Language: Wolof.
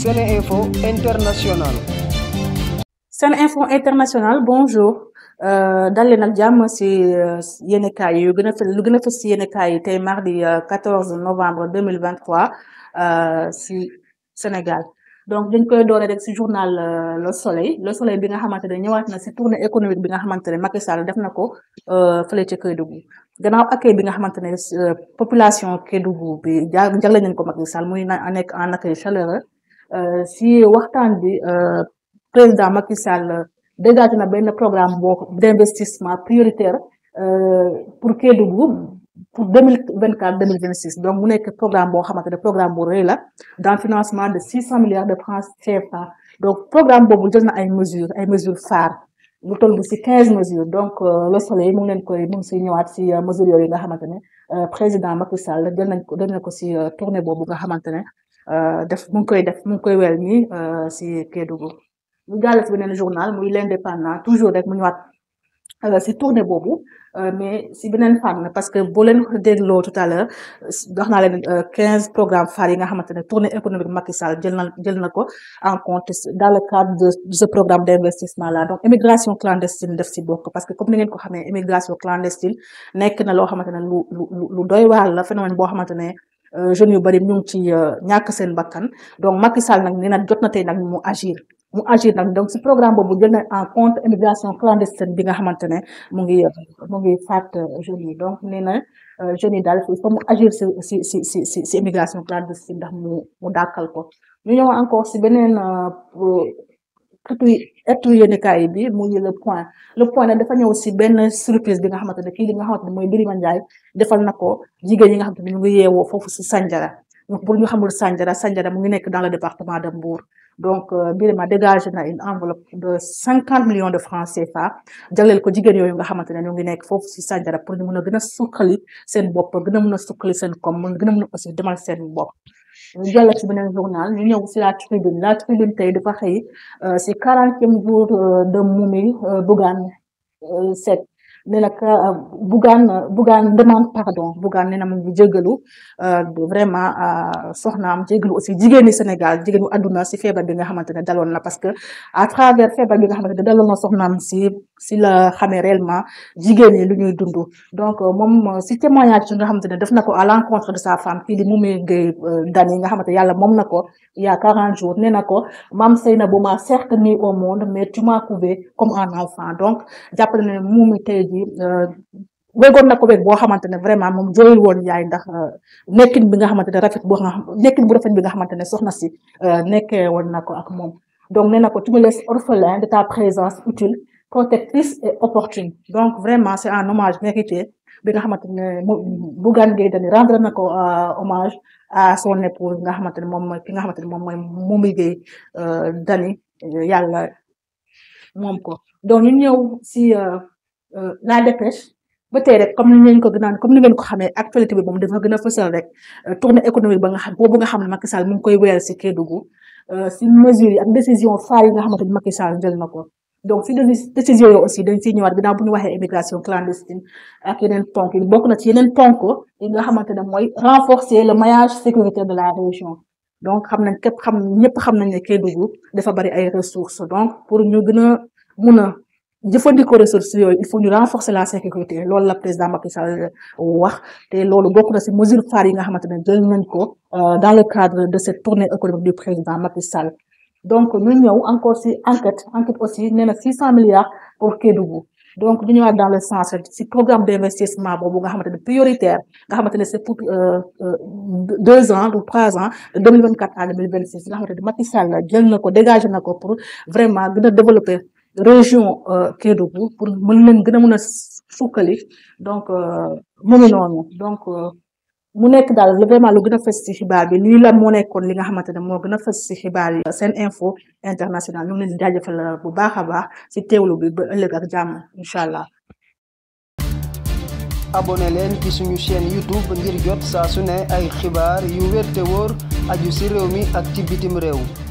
Sene Info International. Sene Info International bonjour. Euh, dalee nag jàmm si euh, yéenekaay yi yu gën a fës lu gën a fës si yéenekaay yi tey mardi 14 euh, novembre 2023 si Sénégal donc dañ koy doore rek si journal Le Soleil Le Soleil bi nga xamante ne ñëwaat na si tournée économique bi nga xamante ne Macky Sall def na ko fële ca Kédougou gannaaw accueil bi nga xamante ne population Kédougou bi jagle nañ ko Macky Sall muy na nekk en accueil chaleureux Euh, si waxtaan bi euh, président Macky Sall euh, dégagé na benn programme boo d'investissement prioritaire pour Kédougou pour deux mille vingt quatre deux mille vingt six donc nekk programme boo xamante ne programme bu rëy la de six cent milliards de francs CFA donc programme boobu jël na ay mesures ay mesures phares lu toll bu si quinze mesures donc le soleil mu ngi leen koy mu ngi siy ñëwaat si mesures yooyu nga xamante ne président Macky Sall jël nañ ko jël ko si tournée boobu nga xamante ne Euh, def mu ngi koy def mu ngi koy wel nii euh, si Kédougou ñu jàll si beneen journal muy l'indépendant toujours rek mu ñëwaat euh, si tournée boobu mais si beneen fànn parce que boo leen dégloo tout à l'heure wax naa leen quinze programmes phares yi nga xamante ne tournée économique Macky Sall jël na jël ko en compte dans le de programme d'investissement là immigration clandestine def si bokk parce que comme ni ngeen ko xamee immigration clandestine nekk na loo xamante ne lu lu lu doy waar la phénomène boo xamante ne Euh, jeunes yu bari ñu ngi ci euh, ñàkk seen bakkan donc Macky Sall nag na jot na tey nag mu agir mu agir nag donc si programme boobu jël na en compte immigration clandestine bi nga xamante ne mu ngi mu ngi faat euh, jeunes yi donc nee na jeunes yi daal il faut agir si si si si si si immigration clandestine ndax mu mu dàkkal ko ñu ñëw encore si beneen ëttu ëttu yéenekaay bi mu ngi le point le point nag dafa ñëw si benn surprise bi nga xamante ne kii li nga xamante ne mooy Birima Ndiaye defal na ko jigéen ñi nga xamante ne ñu ngi yeewoo foofu si Sandiara donc ñu xamul Sandiara Sandiara mu ngi nekk dans le département de Mbour donc euh, Birima dégagé na une enveloppe de cinquante millions de francs CFA jagleel ko jigéen yooyu nga xamante ne ñu ngi nekk foofu si Sandiara pour ñu mun a gën a suqali seen bopp gën a mun a suqali seen koom gën a mun a aussi demal seen jàll ci beneen journal ñu ñëw ci la tribune la tribune tey dafa xëy euh, ci quarantième jour euh, de Momy euh, Bougane Seck ne la Bougane Bougane demande pardon Bougane ne na mu ngi jégalu vraiment soxnaam jégalu aussi jigéeni Sénégal jigéenu àdduna ci feba bi nga xamante ne daloon na parce que à travers feebar bi nga xamante ne daloon na soxnaam ci si la xamee réellement jigéen ñi lu ñuy dund donc euh, moom euh, si témoignage bi nga xamante ne def na ko à l'encontre de sa femme kii di Mimi euh, nga xamante yàlla moom na ko il y a 40 jours nee na ko maam Seynabou m'a certes mis au monde mais tu m'as couvé comme un enfant donc jàpp na ne Mimi tey jii wégoon na ko wég boo xamante ne vraiment moom jooyul woon yaay ndax nekkin bi nga xamante ne rafet boo xam nekkin bu rafet bi nga xamante ne soxna si nekkee woon na ko ak moom donc nee na ko tu protectrice et opportune donc vraiment c'est un hommage mérité bi nga xamante ne Bougane Gueye Dany rendre na ko euh, hommage a son épouse nga xamante ne moom mooy ki nga xamante ne moom mooy Momy euh, euh, moom ko donc ñu ñëw si la dépêche ba rek comme ni ngeen ko gënaan comme ni ngeen ko xamee actualité bi moom dafa gën a fësal rek tournée économique ba nga xam boobu nga xam ne Macky Sall mu ngi koy wéyal si Kédougou si mesures yi décision phare yi nga xamante ne Macky Sall jël na ko donc fi décision yi aussi dañ siy ñëwaat ginnaaw bu ñu waxee immigration clandestine ak yeneen ponk yi na ci yeneen ponk yi nga xamante ne mooy renforcer le maillage sécuritaire de la région donc xam na kép xam ñëpp xam nañ ne Kédougou dafa bari ay ressources donc pour ñu gën a mun a jëfandikoo ressources yooyu il faut ñu renforcer la sécurité loolu la président Macky Sall wax te loolu bokk na si mesure phare yi nga xamante ne jël nañ ko euh, dans le cadre de cette tournée économique du président Macky Sall donc ñu ñëw encore si enquête enquête aussi nee na 600 milliards pour Kédougou donc ñu ñëwaat dans le sens si programme d' investissement boobu nga xamante ne prioritaire nga xamante ne c' est pour euh, euh, deux ans ou trois ans de 2024 à 2026 nga xamante ne Macky Sall jël na ko dégagé na ko pour vraiment gën a développer région euh, Kédougou pour mën leen gën a mën a sukkali donc mu ngi donc. mu nekk daal vraiment lu gën a fës ci xibaar bi lii la moo nekkoon li nga xamante ne moo gën a fës ci xibaar yi seen info international ñu ngi leen di bu baax a baax ci teewlu bi ba ëllëg ak jàmm incha allah. abonné leen ci suñu chaîne youtube ngir jot saa su ay xibaar yu wér te aju ci réew mi ak ci bitim réew.